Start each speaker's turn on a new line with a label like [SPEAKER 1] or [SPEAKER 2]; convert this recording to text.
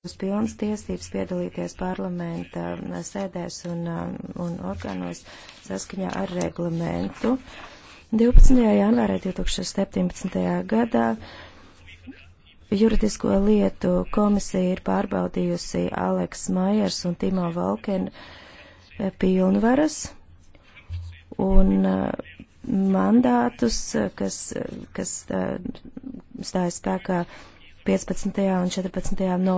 [SPEAKER 1] uz pilnas tiesības piedalīties parlamenta sēdēs un, un organos saskaņā ar reglamentu. 12. janvārī 2017. gadā juridisko lietu komisija ir pārbaudījusi Aleks Maiers un Timo Valken e, pilnvaras un e, mandātus, kas, kas e, stājas spēkā 15. un 14. no